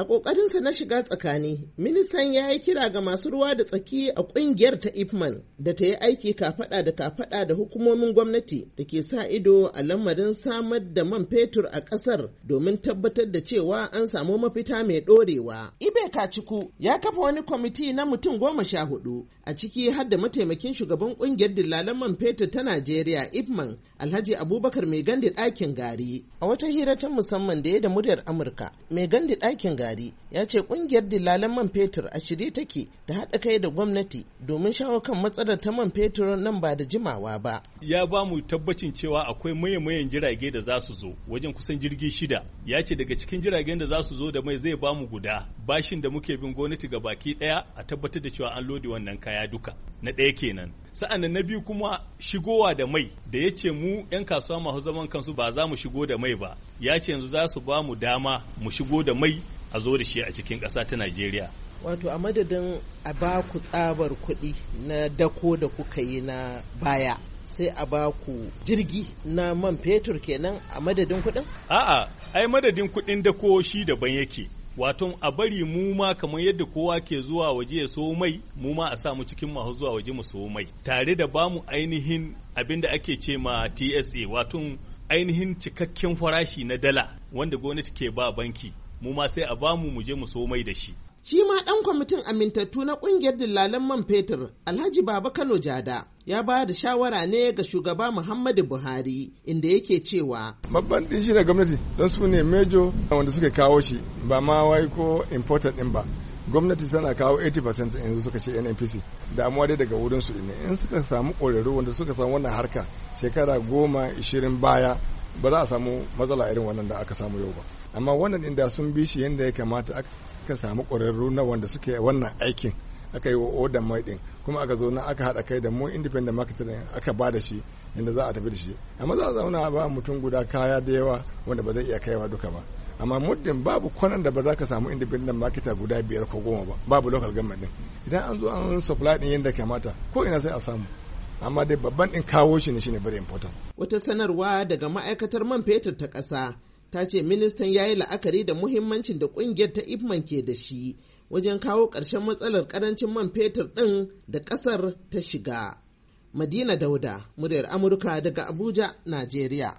A ƙoƙarinsa na shiga tsakani, ministan ya yi kira ga masu ruwa da tsaki a ƙungiyar ta IPMAN da ta yi aiki kafaɗa da kafaɗa da hukumomin gwamnati da ke sa ido a lamarin samar da man fetur a ƙasar domin tabbatar da cewa an samu mafita mai ɗorewa. Ibe Kaciku ya kafa wani kwamiti na mutum goma sha hudu a ciki har da mataimakin shugaban ƙungiyar dillalan man fetur ta Najeriya IPMAN Alhaji Abubakar Mai Gandi ɗakin gari. A wata hira ta musamman da ya da muryar Amurka, Mai Gandi ɗakin gari gari ya ce kungiyar dilalen man fetur a shirye take da haɗa kai da gwamnati domin shawo kan matsalar ta man fetur nan ba da jimawa ba. Ya ba mu tabbacin cewa akwai maye-mayen jirage da za su zo wajen kusan jirgi shida. Ya ce daga cikin jiragen da za su zo da mai zai ba mu guda bashin da muke bin gwamnati ga baki ɗaya a tabbatar da cewa an lodi wannan kaya duka. Na ɗaya kenan. sa'an na biyu kuma shigowa da mai da ya ce mu 'yan kasuwa masu zaman kansu ba za mu shigo da mai ba ya ce yanzu za su ba mu dama mu shigo da mai a zo da shi a cikin ƙasa ta najeriya wato a madadin a ba ku tsabar kuɗi na dako da kuka yi na baya sai a ba ku jirgi na man fetur kenan a madadin kuɗin? a'a ai madadin kuɗin dako shi daban yake wato a bari mu ma kamar yadda kowa ke zuwa waje ya so mai mu ma a sa mu cikin masu zuwa waje mu so mai tare da ba mu ainihin abin da ake ce ma TSA wato ainihin cikakken farashi na dala wanda gwamnati ke ba banki mu ma sai a bamu mu je mu so mai da shi shi ma ɗan kwamitin amintattu na ƙungiyar dillalan man fetur alhaji baba kano jada ya ba da shawara ne ga shugaba muhammadu buhari inda yake cewa babban ɗin shi da gwamnati don su ne mejo wanda suka kawo shi ba ma wai ko important ɗin ba gwamnati tana kawo 80% yanzu suka ce nnpc damuwa dai daga wurin su ne in suka samu ƙwararru wanda suka samu wannan harka shekara goma ishirin baya ba za a samu matsala irin wannan da aka samu yau ba amma wannan inda sun bi shi yadda ya kamata aka samu ƙwararru na wanda suke wannan aikin aka yi wa odan mai din kuma aka zo na aka haɗa kai da mu independent marketing aka ba da shi inda za a tafi da shi amma za a zauna ba mutum guda kaya da yawa wanda ba zai iya kaiwa duka ba amma muddin babu kwanan da ba za ka samu independent marketer guda biyar ko goma ba babu local government din idan an zo an supply din yadda kamata ko ina sai a samu amma dai babban ɗin kawo shi ne shine very important. Wata sanarwa daga ma'aikatar man fetur ta ƙasa ta ce ministan ya yi la'akari da muhimmancin da ƙungiyar ta Ipman ke da shi wajen kawo ƙarshen matsalar ƙarancin man fetur ɗin da ƙasar ta shiga. Madina Dauda, muryar Amurka daga Abuja, Najeriya.